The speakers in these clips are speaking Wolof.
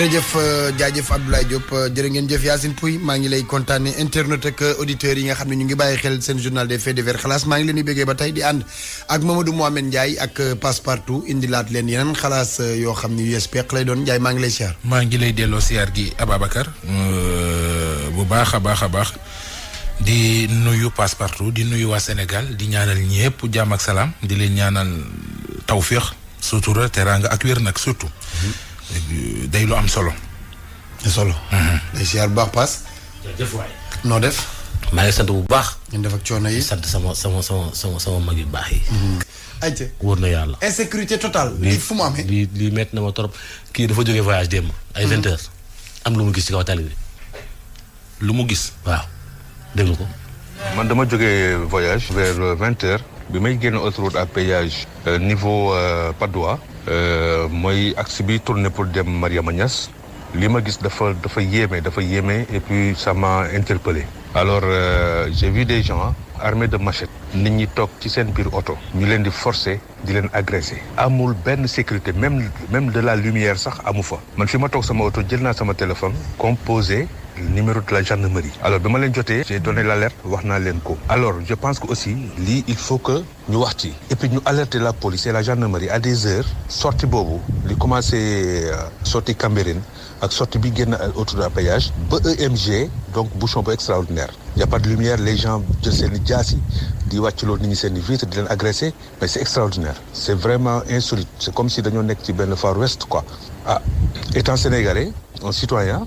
jërëjëf euh, jaajëf Abdoulaye Diop euh, jërë ngeen jëf Yacine Pouy maa ngi lay kontaane internet ak euh, auditeurs yi nga xam ne ñu ngi bàyyi xel seen journal de faits divers xalaas maa ngi leen di bëggee ba tey di ànd ak Mamadou Mohamed Ndiaye ak Passepartout indilaat leen yeneen xalaas yoo xam ni ne USPEC lay doon Ndiaye maa ngi lay siyaar. maa ngi lay delloo siyaar gi Ababacar bu baax a baax a baax di nuyu Passepartout di nuyu waa Sénégal di ñaanal ñëpp jàmm ak salaam di leen ñaanal tawféex sutura teraanga ak wér nag surtout. Mhm. day lu am solo. solo. Mhm. day siyaar bu baax paas. noo def. maa ngi sant bu baax. ñu def ak coono yi sant sama sama sama sama sama mag yu baax yi. Mhm. ayca na yàlla. insécurité totale. lii fu mu amee lii lii na ma trop. kii dafa jógee voyage démb. ay mhm. vingt am lu mu gis ci kaw tali lu mu gis. waaw déglu ko. man dama jóge voyage. vers vingt bi may génn autoroute à péage. Euh, niveau euh, Padois. Euh, mooy axe bi tourné pour dem Maria Niass li ma gis dafa dafa yéeme dafa yéeme et puis ça m'a interpellé alors euh, j'ai vu des gens armés de machettes nit ñi toog ci seen biir oto ñu leen di forcer di leen agresser amul benn sécurité même même de la lumière sax amu fa man fi ma toog sama oto jël naa sama téléphone composé numéro de la gendarmerie alors je j'ai donné l'alerte alors je pense que aussi il faut que nous wax et puis nous alerter la police et la gendarmerie à des heures sortie beaucoup, li commencé à euh, sortir ak sortie bi génn autour de la ba BEMG, donc bouchon extraordinaire. Il n'y a pas de lumière les gens je sais, ni si, di mais c'est extraordinaire c'est vraiment insolite c'est comme si nous étions dans le Far West quoi ah, étant sénégalais un citoyen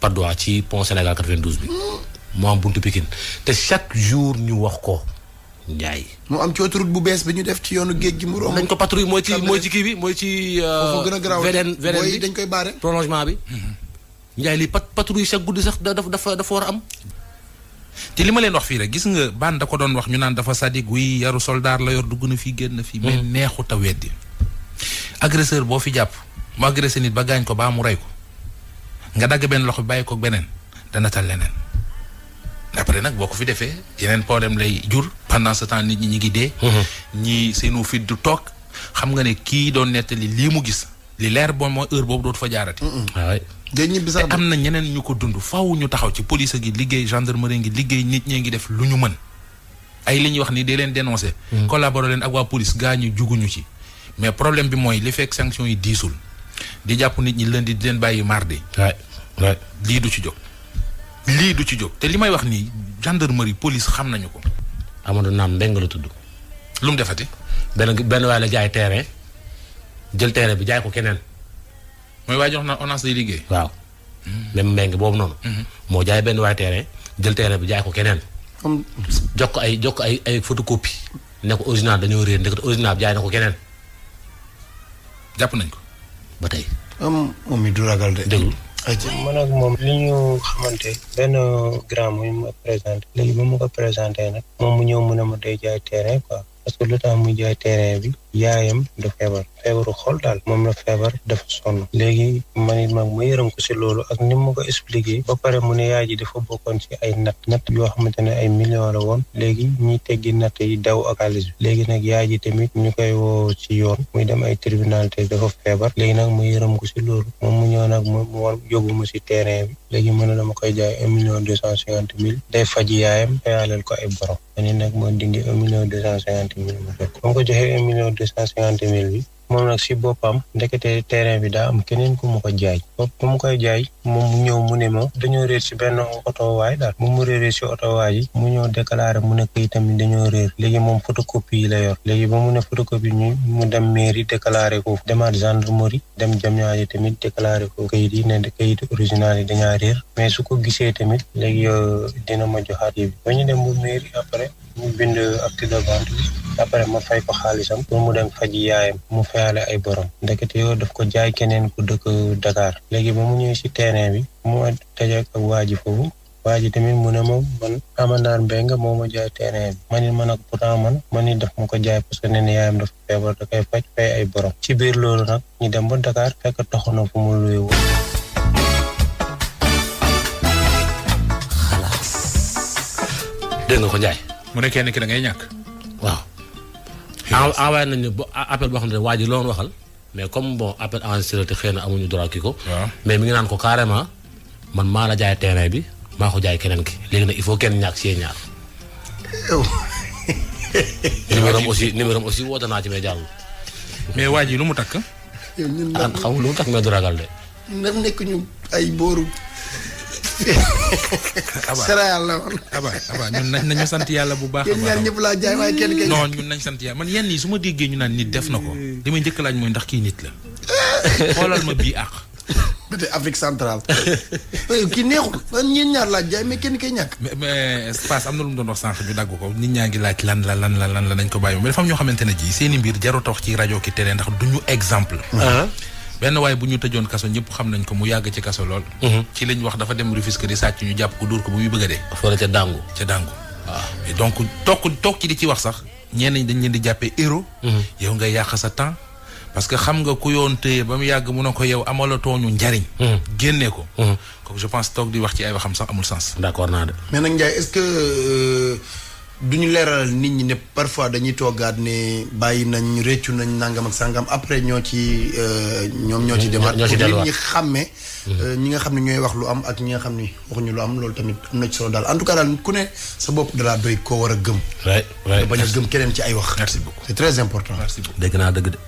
par ci pont Sénégal 92 bi mo am buntu Pikine té chaque jour ñu wax ko ñay mo am ci autoroute bu bees bi ñu def ci yoonu geej gi mu rom dañ ko patrouille moy ci moy ci ki bi moy ci. Euh, foofu gën bi dañ koy barré prolongement bi. ñay mhm. li pat patrouille chaque goudi sax dafa dafa da war a am. té li ma leen wax fi rek gis nga ban da ko doon wax ñu naan dafa sadik wi yaru soldat la yor dugg na fii génn mm. fi mais neexu ta wéddi agresseur bo fi japp mo agressé nit ba gañ ko ba mu ray ko. nga dagg benn loxo bi bàyyi ko beneen dana tal leneen après nag boo ko fi defee yeneen problème lay jur pendant ce temps nit ñi ñi ngi dee. Mhm. ñi seenu fit du toog xam nga ne kii doon nettali lii mu gis li leer boo mooy heure boobu dootu fa jaarati. waaw ah te am na ñeneen ñu ko dund faaw ñu taxaw ci police gi liggéey gendarmerie ngi liggéey nit ñee ngi def lu ñu mën. ay li ñuy wax ni dee leen dénoncé. Mm-hmm. collaborer leen ak waa police gaa ñu juguñu ci. mais problème bi mooy li fekk sanction yi diisul di jàpp nit ñi leen di leen bàyyi mardi. lii du ci jóg. lii du ci jóg te li may wax nii gendarmerie police xam nañu ko. Amadou Naam Mbengue la tudd. lu mu defati. benn benn waay la jaay terrain jël terrain bi jaay ko keneen. mooy waa jox na onance day liggéey. waaw hmm. boobu noonu. Hmm. moo benn waay terrain jël bi jaay ko keneen. ay jox ko ay ay photocopie ne ko original dañoo réer ndekete original bi jaay na ko keneen. jàpp nañ ko. ba tey. moom mi du ragal de. déglu. ayca man ak moom li ñu xamante benn grand muy ma présenté léegi ba mu ko présenté nag moom mu ñëw mu ne ma day jaay terrain quoi parce que lu tax muy jaay terrain bi yaayam da feebar feebaru xol daal moom la feebar dafa sonn léegi manit mag ma yërëm ko si loolu ak ni mu ko expliqué ba pare mu ne yaay ji dafa bokkoon ci ay nat natt yoo xamante ne ay millions la woon léegi ñuy teggi natt yi daw ak xaalis léegi nag yaay ji tamit ñu koy woo ci yoon muy dem ay tribunal te dafa feebar léegi nag ma yërëm ko si loolu moom mu ñëw nag mu war yóbbu si terrain léegi mën na dama koy jaay million deux cent cinquante mille day faji yaayam fayaaleel ko ay borom ma ne nag moo dindi million deux cent cinquante mille ma ko joxee un million compte cent cinquante mille bi moom nag si boppam ndekete terrain bi daa am keneen ku mu ko jaay ba mu koy jaay moom mu ñëw mu ne ma dañoo réer si benn waay daal mu mu réeree oto otowaay yi mu ñëw déclaré mu ne kii tamit dañoo réer léegi moom photocopie yi la yor léegi ba mu ne photocopie ñu mu dem mairie déclaré ko demaat gendarmerie dem jamñaaji tamit déclaré ko kayit yi ne kayit original yi dañaa réer mais su ko gisee tamit léegi euh, dina ma joxaat yi bi ñu dem bu mairie après mu bind acte de vente bi après ma fay ko xaalisam pour mu dem faji yaayam mu fayale ay borom ndekete yoo daf ko jaay keneen ku dëkk Dakar léegi ba mu ñëw ci terrain bi mu dajak ak waaji foofu waaji tamit mu ne ma man amandaar mbenga moo ma jaay terrain bi man ni ma ne pourtant man man ni daf ma ko jaay parce que nee na yaayam dafa feebar da koy faj fay ay borom ci biir loolu nag ñu dem ba Dakar fekk taxu fu mu luy wu dégg nga ko njaay mu ne kenn ki da ngay ñàkk envoyé nañu appel boo xam ne waa ji loon waxal mais comme bon appel enregistré te xëy na amuñu droit kii ko. mais mi ngi naan ko carrément man maa la jaay terrain bi maa ko jaay keneen ki léegi nag il faut kenn ñàkk see ñaar. numéro am aussi numéro am aussi woote naa ci mais jàll. mais waaj ji lu mu takk. ñun ah, xam nga lu mu takk mais du de. ñun nekk ñu ay booru. céréale la woon. aba aba ñun nañ nañu sant yàlla bu baax. yéen ñaar ñëpp laa nañ sant yàlla man yenn yi su ma déggee ñu naan nit def na ko. li may njëkk laaj mooy ndax kii nit la. xoolal ma bii àq. ba tey Afrique centrale. kii neexul man ñeen ñaar laaj jaay mais kenn kay ñàkk. mais am na lu mu doon wax sànq ñu dagg ko nit ñaa ngi laaj lan la lan la lan la nañ ko bàyyi mais dafa am ñoo xamante ne ji seen i mbir jarut a wax ci rajo ki télé ndax duñu exemple. Ah. benn waaye bu ñu tëjoon kaso ñëpp xam nañ ko mu yàgg ci kaso lool. Mhm. ci liñ wax dafa dem Rufisque di ñu jàpp ko dóor ko bu muy bëgg a dee. wala ca dàngu ca dàngu. waaw ah. donc ci di ci wax sax ñenn ñi dañ di jàppee héros. Mhm. yow nga yàq sa temps. parce xam nga ku yoon téye ba mu yàgg mun na ko yow amalatoo ñu njariñ. Mhm. génne ko. kooku je pense toog di wax ci ay waxam sax amul sens. d'accord naa de. mais nag Ndiaye du ñu leeralal nit ñi ne parfois dañuy toogaat ne bàyyi nañ réccu nañ nangam ak sangam après ñoo ci euh, ñoom ñoo ci demaat pour nit ñi xàmmee mmh. euh, ñi nga xam ne ñooy wax lu am ak ñi nga xam ne waxuñu lu am loolu tamit am na ci daal en tout cas daal ku ne sa bopp dalaa doy koo war a gëm da bañ a gëm keneen ci ay wax merci beaucoup c'est très important merci beaucoup dégg naa dëgg de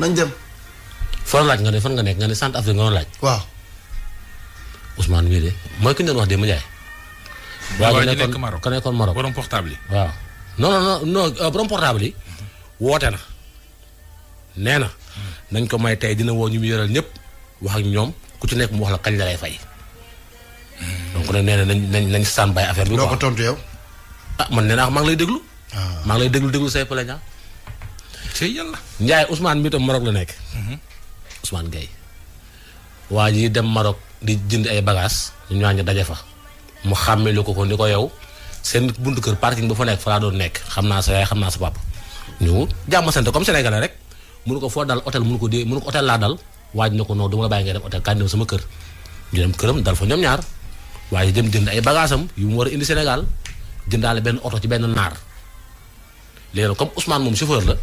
nañ dem fan laaj nga ne fan nga nekk nga ne Centrafrique nga doon laaj waaw Ousmane mii de mooy ki ñu wax de mu Ndiaye waaw waaw nekk borom portable waaw non non non euh, borom portable yi mhm. woote na nee na mhm. nañ ko may tey dina woo ñu mu yoral ñëpp wax ak ñoom ku ci nekk mu wax la kañ la lay fay. Mhm. donc nag nee na nañ nañ nañ stand affaire bi. ko tontu yow. ah man nee naa maa ngi lay déglu. Ah. maa ngi lay déglu déglu say Ousmane mi tam la nekk. Ousmane waa ji dem di jënd ay bagages ñu ñaañu daje fa. mu xàmme lu ko ko ni ko yow seen buntu kër parking ba fa nekk fa laa doon nekk xam naa sa yaay xam naa sa papa ñu jàmm sant comme sénégalais rek mënu ko foo dal hôtel mënu ko dee mënu ko hôtel laa dal waaj na ko noonu duma la bàyyi ngay dem hôtel kan dem sama kër ñu dem këram dal fa ñoom ñaar waaye dem jënd ay bagage am yu mu war a indi Sénégal jëndaale benn oto ci benn naar léegi nag comme Ousmane moom chauffeur la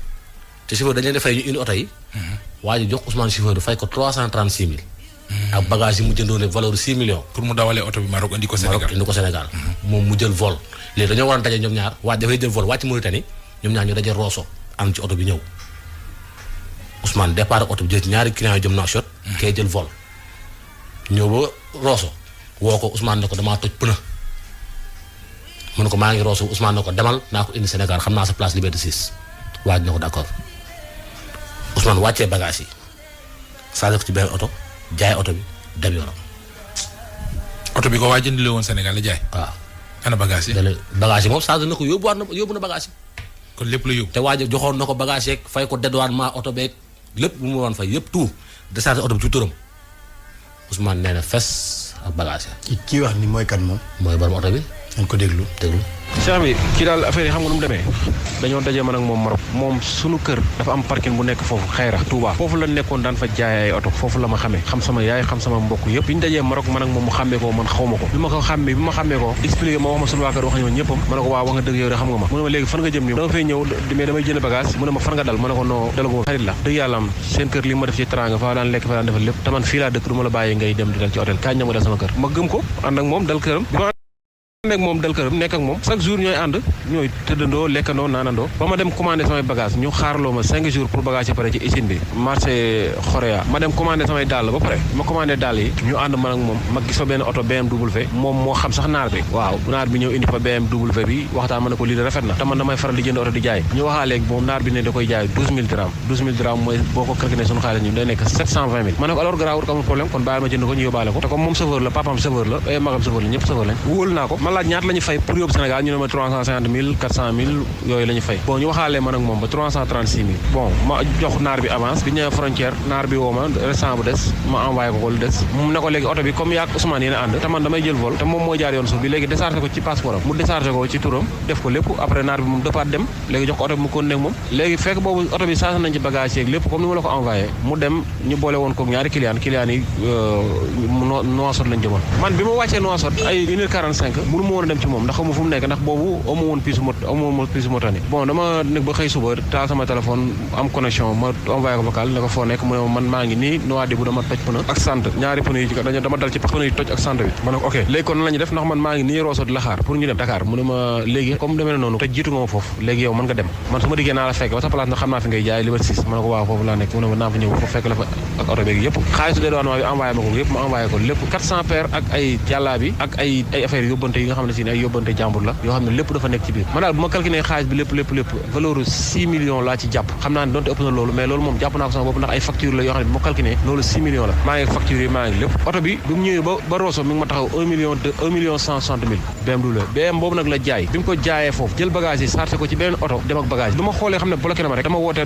te chauffeur dañu leen di ñu indi oto yi. Mhm. waa ji jox Ousmane chauffeur bi fay ko 336000. ak bagage mu jëndone valeur 6 millions. pour mu dawalé auto bi Maroc andi ko Sénégal Maroc mhm. andi ko Sénégal. mom mu jël vol. léegi dañu waran daje ñom ñaar waa dafay jël vol wàcc Mauritanie ñom ñaar ñu dajé Rosso am ci auto bi ñew Ousmane départ auto bi jël ci ñaari client jëm na shot. kay jël vol. ñëw ba Rosso woko Ousmane nako dama toj pneu mu ne ko maa ngi Rosso Ousmane nako demal nako indi Sénégal xamna sa place Liberté 6 waaj na d'accord Ousmane wàccee bagage yi sa def ci benn auto jaay oto bi dab yoonam. oto bi ko waa jëndile woon senegal la jaay. waaw ana bagage yi. bagage yi moom changé na ko yóbbuwaat na yóbbu na bagage yi. kon lépp la yóbbu. te waa joxoon na ko bagage yeeg fay ko dédouanement oto beeg lépp bu mu waroon fay yëpp tout déchargé oto bi ci turam Ousmane nee na fes ak bagage yi. ki wax ni mooy kan moom. mooy borom oto bi. dañ ko déglu déglu cheikh bi ki daal affaire yi xam nga nu mu demee dañoo man ak moom marok moom sunu kër dafa am parking bu nekk foofu xayra touba foofu la fa jaay ay la ma xam sama yaay xam sama mbokk biñ marok man ak moom mu ko man xaw ma ko bi ma ko ko expliqué ma wax ma sunu kër wax ñoo ñëppam ma ko waa wax nga dëgg yow de xam nga ma mu ma léegi fan nga jëm nii dama fay ñëw mais damay jënd bagage mu ma fan nga dal xarit la am seen kër li ma def ci fa daan lekk fa daan defal dëkk la ngay dem di dal ci hôtel kañ dal sama kër ma gëm ko ànd ak dal nekk moom chaque jour ñooy ànd ñooy tëddandoo lekkandoo naanandoo ba ma dem commandé samay bagage ñu xaarloo cinq jours pour bagage yi pare ci usine bi man ak ko lii de rafet na da problème kon bàyyil ma jënd ko ñu yóbbaale ko te comme moom chauffeur la papaam chauffeur la ay magam chauffeur la ñëpp chauffeur lañ wóolu ko laaj ñaata lañu fay pour yóbbu Sénégal ñu ne ma 350 000 400 000 yooyu la ñu fay bon ñu waxaalee man ak moom ba 336 000 bon ma jox naar bi avance bi ñëwee frontière naar bi woo ma restant bu des ma envoyé ko ko lu des mu ne ko léegi oto bi comme yaag Ousmane yéen a ànd te man damay jël vol te moom mooy jaar yoon suuf bi léegi décharger ko ci passeport am mu décharger ko ci turam def ko lépp après naar bi moom départ dem léegi jox ko oto bi mu kon nekk moom léegi fekk boobu oto bi saasa nañ ci bagage yeeg lépp comme ni ma la ko envoyé mu dem ñu boole woon ko ñaari client client yi euh, noisot lañ jëmoon man bi ma wàccee noisot ay 1 h 45 ma mu ne na noonu nga ma foofu laa nekk mu ne ma fa ñëw foofu fekk la fa ak oto beeg yëpp xaalisu dédouanement bi envoyé ma ko yëpp ma envoyé ko lépp 400 paires ak ay jàllaa ak ay ay affaire yóbbante yi nga xam ne si ay yóbbante jàmbur la yoo xam ne lépp dafa nekk ci biir man daal bu ma calculé xaalis bi lépp lépp lépp valeur 6 laa ci jàpp xam naa ne donte ëpp na loolu mais loolu maa ngi facture maa ngi lépp oto bi bi ñëwee ba ba Rosso mi ngi ma million de 1 million 160 mille BMW la BM boobu nag la jaay bi mu ko jaayee foofu jël bagage yi ko ci beneen oto dem ak bi ma xoolee xam ne bloqué na ma rek dama wootee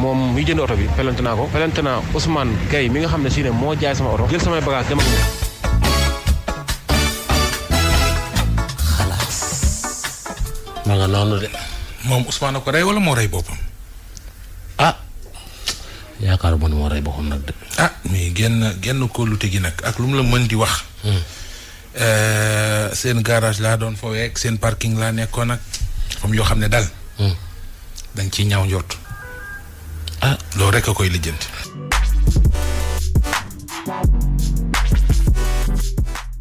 moom mi jënd oto bi pelante naa ko pelante naa Ousmane Gueye mi nga xam ne si ne moo jaay sama oto jël samay bagage dem ak moom ma nga noonu de. moom Ousmane ko rey wala moo rey boppam. ah. yaakaar man moo rey boppam nag de. ah mais genn genn lu gi nag ak lu mu la mën di wax. Hmm. Euh, seen garage laa doon fowee seen parking laa nekkoon ak comme yoo xam ne dal. Hmm. da nga ciy ñaaw njort. ah loolu rek koy lijjanti.